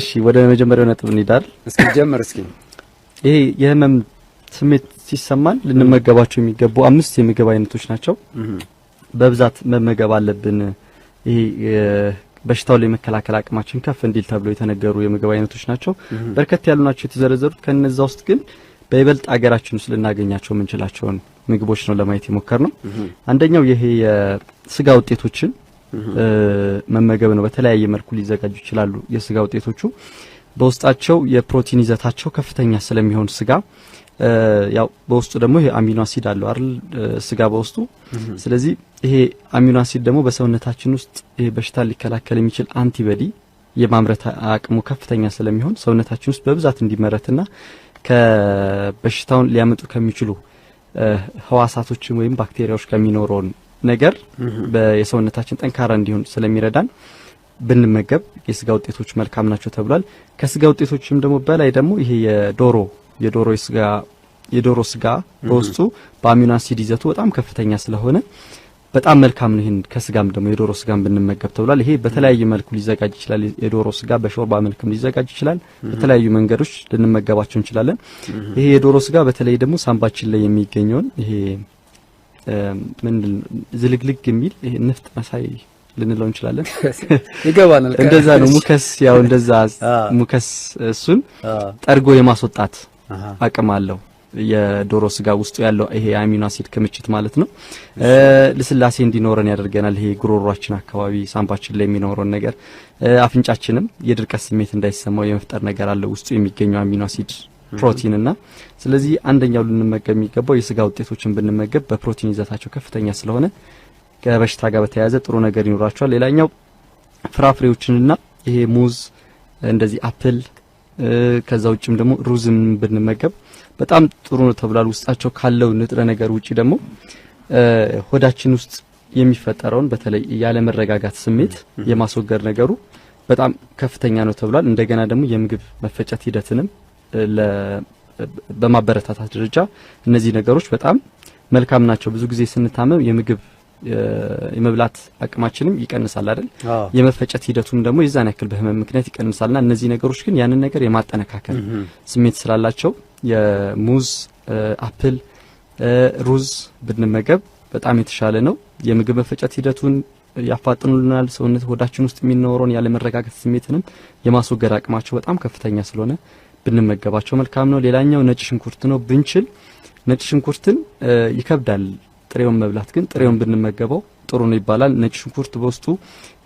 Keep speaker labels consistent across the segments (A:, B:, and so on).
A: እሺ ወደ መጀመሪያው ነጥብ እንሄዳለን።
B: እስኪ ጀምር እስኪ።
A: ይሄ የህመም ስሜት ሲሰማን ልንመገባቸው የሚገቡ አምስት የምግብ አይነቶች ናቸው። በብዛት መመገብ አለብን። ይሄ በሽታው ላይ መከላከል አቅማችን ከፍ እንዲል ተብሎ የተነገሩ የምግብ አይነቶች ናቸው። በርከት ያሉ ናቸው የተዘረዘሩት። ከነዛ ውስጥ ግን በይበልጥ አገራችን ውስጥ ልናገኛቸው የምንችላቸውን ምግቦች ነው ለማየት የሞከር ነው። አንደኛው ይሄ የስጋ ውጤቶችን መመገብ ነው። በተለያየ መልኩ ሊዘጋጁ ይችላሉ። የስጋ ውጤቶቹ በውስጣቸው የፕሮቲን ይዘታቸው ከፍተኛ ስለሚሆን ስጋ ያው በውስጡ ደግሞ ይሄ አሚኖ አሲድ አለው አይደል? ስጋ በውስጡ ስለዚህ ይሄ አሚኖ አሲድ ደግሞ በሰውነታችን ውስጥ ይሄ በሽታ ሊከላከል የሚችል አንቲበዲ የማምረት አቅሙ ከፍተኛ ስለሚሆን ሰውነታችን ውስጥ በብዛት እንዲመረትና ከበሽታውን ሊያመጡ ከሚችሉ ህዋሳቶችን ወይም ባክቴሪያዎች ከሚኖረውን ነገር የሰውነታችን ጠንካራ እንዲሆን ስለሚረዳን ብንመገብ የስጋ ውጤቶች መልካም ናቸው ተብሏል። ከስጋ ውጤቶችም ደግሞ በላይ ደግሞ ይሄ የዶሮ የዶሮ ስጋ የዶሮ ስጋ በውስጡ በአሚኖ አሲድ ይዘቱ በጣም ከፍተኛ ስለሆነ በጣም መልካም ነው። ይህን ከስጋም ደግሞ የዶሮ ስጋም ብንመገብ ተብሏል። ይሄ በተለያየ መልኩ ሊዘጋጅ ይችላል። የዶሮ ስጋ በሾርባ መልክም ሊዘጋጅ ይችላል። በተለያዩ መንገዶች ልንመገባቸው እንችላለን። ይሄ የዶሮ ስጋ በተለይ ደግሞ ሳምባችን ላይ የሚገኘውን ይሄ ዝልግልግ የሚል ይሄ ንፍጥ መሳይ ልንለው እንችላለን። ይገባናል። እንደዛ ነው ሙከስ። ያው እንደዛ ሙከስ እሱን ጠርጎ የማስወጣት አቅም አለው። የዶሮ ስጋ ውስጡ ያለው ይሄ አሚኖ አሲድ ክምችት ማለት ነው። ልስላሴ እንዲኖረን ያደርገናል። ይሄ ጉሮሯችን አካባቢ ሳምባችን ላይ የሚኖረውን ነገር አፍንጫችንም የድርቀት ስሜት እንዳይሰማው የመፍጠር ነገር አለው ውስጡ የሚገኘው አሚኖ አሲድ ፕሮቲን እና ስለዚህ አንደኛው ልንመገብ የሚገባው የስጋ ውጤቶችን ብንመገብ በፕሮቲን ይዘታቸው ከፍተኛ ስለሆነ ከበሽታ ጋር በተያያዘ ጥሩ ነገር ይኖራቸዋል። ሌላኛው ፍራፍሬዎችንና ይሄ ሙዝ እንደዚህ አፕል ከዛ ውጭም ደግሞ ሩዝም ብንመገብ በጣም ጥሩ ነው ተብሏል። ውስጣቸው ካለው ንጥረ ነገር ውጪ ደግሞ ሆዳችን ውስጥ የሚፈጠረውን በተለይ ያለ መረጋጋት ስሜት የማስወገድ ነገሩ በጣም ከፍተኛ ነው ተብሏል። እንደገና ደግሞ የምግብ መፈጨት ሂደትንም በማበረታታት ደረጃ እነዚህ ነገሮች በጣም መልካም ናቸው። ብዙ ጊዜ ስንታመም የምግብ የመብላት አቅማችንም ይቀንሳል አይደል? የመፈጨት ሂደቱም ደግሞ የዛን ያክል በህመም ምክንያት ይቀንሳልና እነዚህ ነገሮች ግን ያንን ነገር የማጠነካከል ስሜት ስላላቸው የሙዝ፣ አፕል፣ ሩዝ ብንመገብ በጣም የተሻለ ነው። የምግብ መፈጨት ሂደቱን ያፋጥኑልናል። ሰውነት ወዳችን ውስጥ የሚኖረውን ያለመረጋጋት ስሜትንም የማስወገድ አቅማቸው በጣም ከፍተኛ ስለሆነ ብንመገባቸው መልካም ነው። ሌላኛው ነጭ ሽንኩርት ነው። ብንችል ነጭ ሽንኩርትን ይከብዳል ጥሬውን መብላት፣ ግን ጥሬውን ብንመገበው ጥሩ ነው ይባላል። ነጭ ሽንኩርት በውስጡ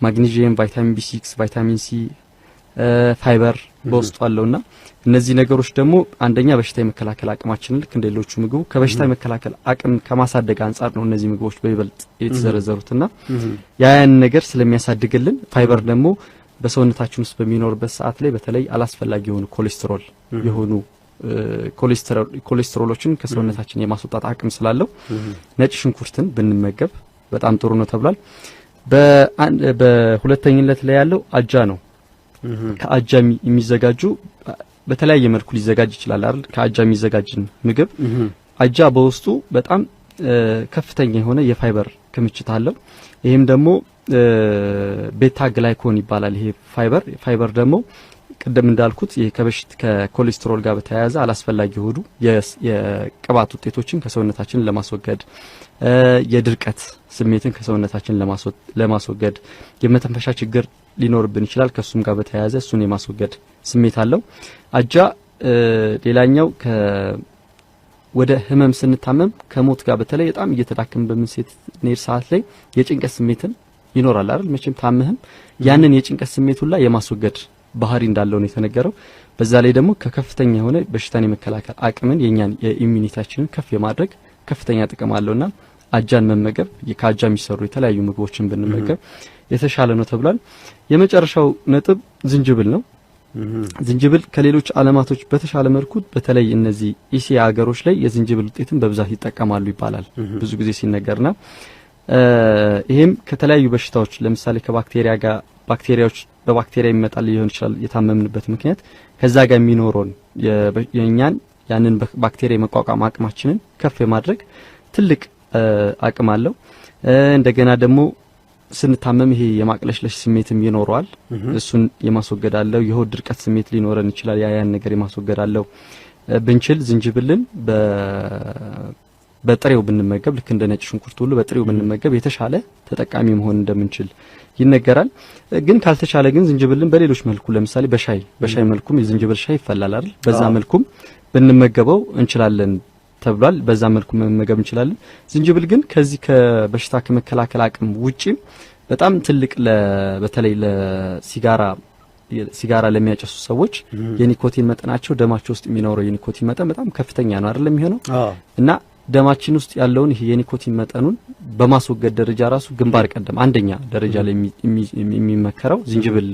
A: ማግኒዥየም፣ ቫይታሚን ቢ6፣ ቫይታሚን ሲ፣ ፋይበር በውስጡ አለውና እነዚህ ነገሮች ደግሞ አንደኛ በሽታ የመከላከል አቅማችንን ልክ እንደ ሌሎቹ ምግቡ ከበሽታ የመከላከል አቅም ከማሳደግ አንጻር ነው እነዚህ ምግቦች በይበልጥ የተዘረዘሩትና ያ ያን ነገር ስለሚያሳድግልን ፋይበር ደግሞ በሰውነታችን ውስጥ በሚኖርበት ሰዓት ላይ በተለይ አላስፈላጊ የሆኑ ኮሌስትሮል የሆኑ ኮሌስትሮሎችን ከሰውነታችን የማስወጣት አቅም ስላለው ነጭ ሽንኩርትን ብንመገብ በጣም ጥሩ ነው ተብሏል። በሁለተኝነት ላይ ያለው አጃ ነው። ከአጃ የሚዘጋጁ በተለያየ መልኩ ሊዘጋጅ ይችላል አይደል? ከአጃ የሚዘጋጅን ምግብ አጃ በውስጡ በጣም ከፍተኛ የሆነ የፋይበር ክምችት አለው። ይህም ደግሞ ቤታ ግላይኮን ይባላል። ይሄ ፋይበር ፋይበር ደግሞ ቅድም እንዳልኩት ይሄ ከበሽት ከኮሌስትሮል ጋር በተያያዘ አላስፈላጊ የሆኑ የቅባት ውጤቶችን ከሰውነታችን ለማስወገድ የድርቀት ስሜትን ከሰውነታችን ለማስወገድ የመተንፈሻ ችግር ሊኖርብን ይችላል። ከሱም ጋር በተያያዘ እሱን የማስወገድ ስሜት አለው። አጃ ሌላኛው ወደ ህመም ስንታመም ከሞት ጋር በተለይ በጣም እየተዳከምን በምንሄድ ሰዓት ላይ የጭንቀት ስሜትን ይኖራል አይደል? መቼም ታምህም ያንን የጭንቀት ስሜት ሁላ የማስወገድ ባህሪ እንዳለው ነው የተነገረው። በዛ ላይ ደግሞ ከከፍተኛ የሆነ በሽታን የመከላከል አቅምን የእኛን የኢሚኒታችንን ከፍ የማድረግ ከፍተኛ ጥቅም አለውና አጃን መመገብ ከአጃ የሚሰሩ የተለያዩ ምግቦችን ብንመገብ የተሻለ ነው ተብሏል። የመጨረሻው ነጥብ ዝንጅብል ነው። ዝንጅብል ከሌሎች አለማቶች በተሻለ መልኩ በተለይ እነዚህ ኢሲያ ሀገሮች ላይ የዝንጅብል ውጤትን በብዛት ይጠቀማሉ ይባላል ብዙ ጊዜ ሲነገርና ይህም ከተለያዩ በሽታዎች ለምሳሌ ከባክቴሪያ ጋር ባክቴሪያዎች በባክቴሪያ ይመጣል ሊሆን ይችላል የታመምንበት ምክንያት ከዛ ጋር የሚኖረውን የእኛን ያንን ባክቴሪያ የመቋቋም አቅማችንን ከፍ የማድረግ ትልቅ አቅም አለው። እንደገና ደግሞ ስንታመም ይሄ የማቅለሽለሽ ስሜትም ይኖረዋል። እሱን የማስወገድ የሆድ ድርቀት ስሜት ሊኖረን ይችላል። ያ ያን ነገር የማስወገድ ብንችል ዝንጅብልን በጥሬው ብንመገብ ልክ እንደ ነጭ ሽንኩርት ሁሉ በጥሬው ብንመገብ የተሻለ ተጠቃሚ መሆን እንደምንችል ይነገራል። ግን ካልተቻለ ግን ዝንጅብልን በሌሎች መልኩ ለምሳሌ በሻይ በሻይ መልኩም የዝንጅብል ሻይ ይፈላል አይደል? በዛ መልኩም ብንመገበው እንችላለን ተብሏል። በዛ መልኩ መመገብ እንችላለን። ዝንጅብል ግን ከዚህ ከበሽታ ከመከላከል አቅም ውጪ በጣም ትልቅ በተለይ ለሲጋራ ሲጋራ ለሚያጨሱ ሰዎች የኒኮቲን መጠናቸው ደማቸው ውስጥ የሚኖረው የኒኮቲን መጠን በጣም ከፍተኛ ነው አይደለም የሚሆነው እና ደማችን ውስጥ ያለውን ይሄ የኒኮቲን መጠኑን በማስወገድ ደረጃ ራሱ ግንባር ቀደም አንደኛ ደረጃ ላይ የሚመከረው ዝንጅብል።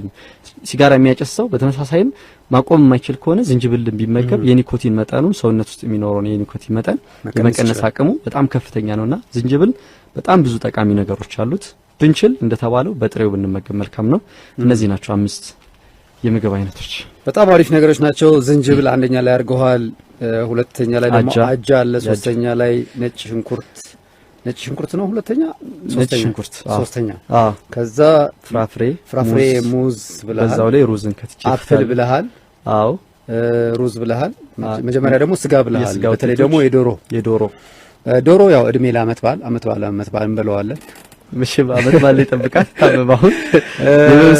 A: ሲጋራ የሚያጨስ ሰው በተመሳሳይም ማቆም የማይችል ከሆነ ዝንጅብል ቢመገብ የኒኮቲን መጠኑን ሰውነት ውስጥ የሚኖረውን የኒኮቲን መጠን የመቀነስ አቅሙ በጣም ከፍተኛ ነውና ዝንጅብል በጣም ብዙ ጠቃሚ ነገሮች አሉት። ብንችል እንደተባለው በጥሬው ብንመገብ መልካም ነው። እነዚህ ናቸው አምስት የምግብ አይነቶች
B: በጣም አሪፍ ነገሮች ናቸው። ዝንጅብል አንደኛ ላይ አድርገዋል። ሁለተኛ ላይ ደግሞ አጃ አለ። ሶስተኛ ላይ ነጭ ሽንኩርት ነጭ ሽንኩርት ነው። ሁለተኛ ነጭ ሽንኩርት፣ ሶስተኛ ከዛ ፍራፍሬ ፍራፍሬ ሙዝ ብለሃል። በዛው ላይ ሩዝን ከትቼ አፕል ብለሃል። አዎ ሩዝ ብለሃል። መጀመሪያ ደግሞ ስጋ ብለሃል። በተለይ ደግሞ የዶሮ የዶሮ ዶሮ ያው እድሜ ለአመት በዓል አመት በዓል አመት በዓል እንበለዋለን
A: ምሽብ አመት ባለ ይጠብቃት ታበባሁን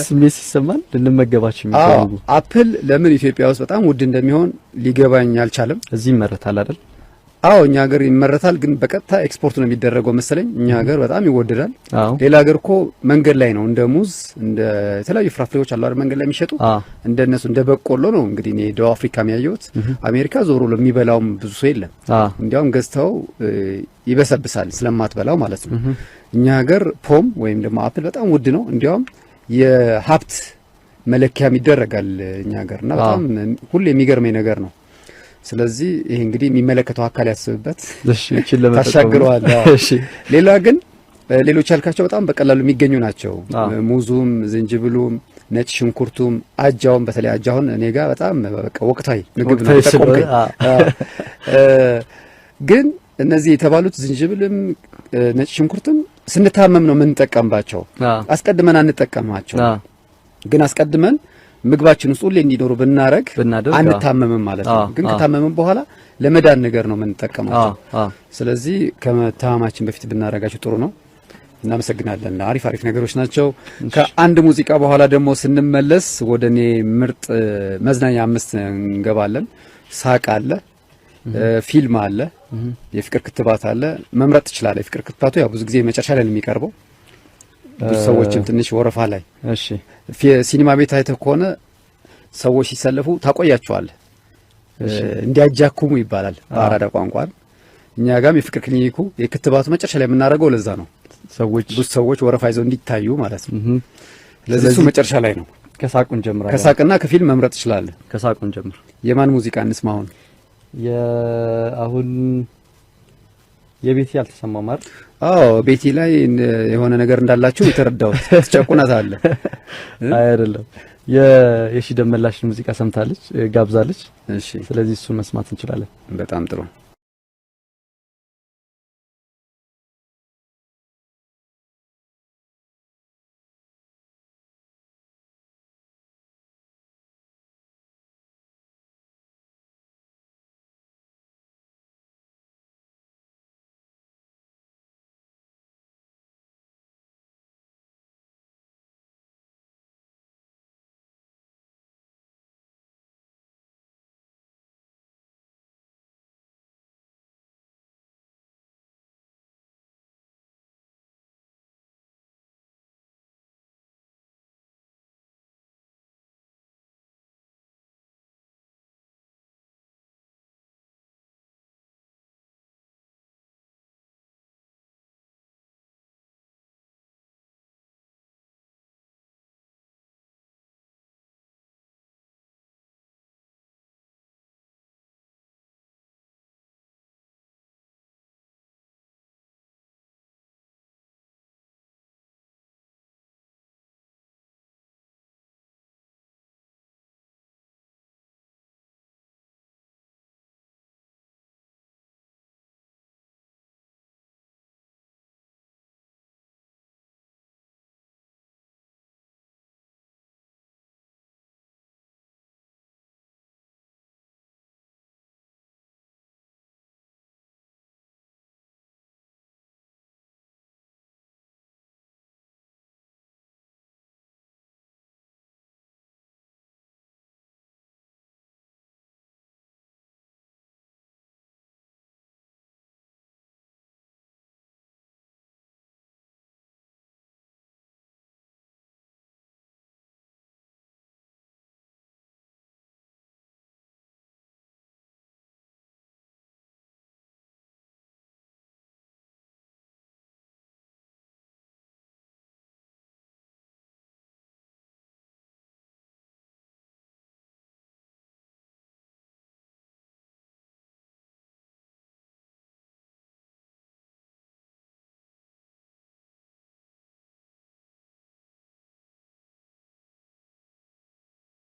A: ስሜት ሲሰማን
B: ልንመገባቸው የሚፈልጉ አፕል ለምን ኢትዮጵያ ውስጥ በጣም ውድ እንደሚሆን ሊገባኝ አልቻለም። እዚህ ይመረታል አይደል? አዎ እኛ ሀገር ይመረታል፣ ግን በቀጥታ ኤክስፖርት ነው የሚደረገው መሰለኝ። እኛ ሀገር በጣም ይወደዳል። ሌላ ሀገር እኮ መንገድ ላይ ነው እንደ ሙዝ፣ እንደ የተለያዩ ፍራፍሬዎች አሉ አይደል? መንገድ ላይ የሚሸጡ እንደ እንደ በቆሎ ነው እንግዲህ። እኔ ደቡብ አፍሪካ የሚያየሁት አሜሪካ ዞሮ ለሚበላውም ብዙ ሰው የለም። እንዲያውም ገዝተው ይበሰብሳል ስለማትበላው ማለት ነው። እኛ ሀገር ፖም ወይም ደግሞ አፕል በጣም ውድ ነው። እንዲያውም የሀብት መለኪያም ይደረጋል እኛ ሀገር እና በጣም ሁሌ የሚገርመኝ ነገር ነው ስለዚህ ይሄ እንግዲህ የሚመለከተው አካል ያስብበት፣ ታሻግረዋል። ሌላ ግን ሌሎች ያልካቸው በጣም በቀላሉ የሚገኙ ናቸው። ሙዙም፣ ዝንጅብሉም፣ ነጭ ሽንኩርቱም፣ አጃውም በተለይ አጃውን እኔ ጋር በጣም በቃ ወቅታዊ ምግብ ነው። ግን እነዚህ የተባሉት ዝንጅብልም ነጭ ሽንኩርትም ስንታመም ነው የምንጠቀምባቸው፣ አስቀድመን አንጠቀማቸው። ግን አስቀድመን ምግባችን ውስጥ ሁሌ እንዲኖሩ ብናረግ አንታመምም ማለት ነው። ግን ከታመምም በኋላ ለመዳን ነገር ነው የምንጠቀማቸው። ስለዚህ ከመታመማችን በፊት ብናረጋቸው ጥሩ ነው። እናመሰግናለን። አሪፍ አሪፍ ነገሮች ናቸው። ከአንድ ሙዚቃ በኋላ ደግሞ ስንመለስ ወደ እኔ ምርጥ መዝናኛ አምስት እንገባለን። ሳቅ አለ፣ ፊልም አለ፣ የፍቅር ክትባት አለ። መምረጥ ትችላለህ። የፍቅር ክትባቱ ያው ብዙ ጊዜ መጨረሻ ላይ ነው የሚቀርበው ብዙ ሰዎችም ትንሽ ወረፋ ላይ እሺ፣ ሲኒማ ቤት አይተህ ከሆነ ሰዎች ሲሰለፉ ታቆያቸዋል። እንዲያጃኩሙ ይባላል በአራዳ ቋንቋ። እኛ ጋም የፍቅር ክሊኒኩ የክትባቱ መጨረሻ ላይ የምናደርገው ለዛ ነው። ሰዎች ብዙ ሰዎች ወረፋ ይዘው እንዲታዩ ማለት ነው። ስለዚህ እሱ መጨረሻ ላይ ነው። ከሳቁን ጀምራ ከሳቅና ከፊልም መምረጥ ትችላለህ። ከሳቁን ጀምር። የማን ሙዚቃ እንስማ አሁን
A: የአሁን የቤቲ ያልተሰማው ማለት አዎ፣ ቤቲ ላይ የሆነ ነገር እንዳላችሁ የተረዳሁት ትጨቁናት አለ አይደለም። የሺ ደመላሽን ሙዚቃ ሰምታለች፣ ጋብዛለች። እሺ፣ ስለዚህ እሱን መስማት እንችላለን።
B: በጣም ጥሩ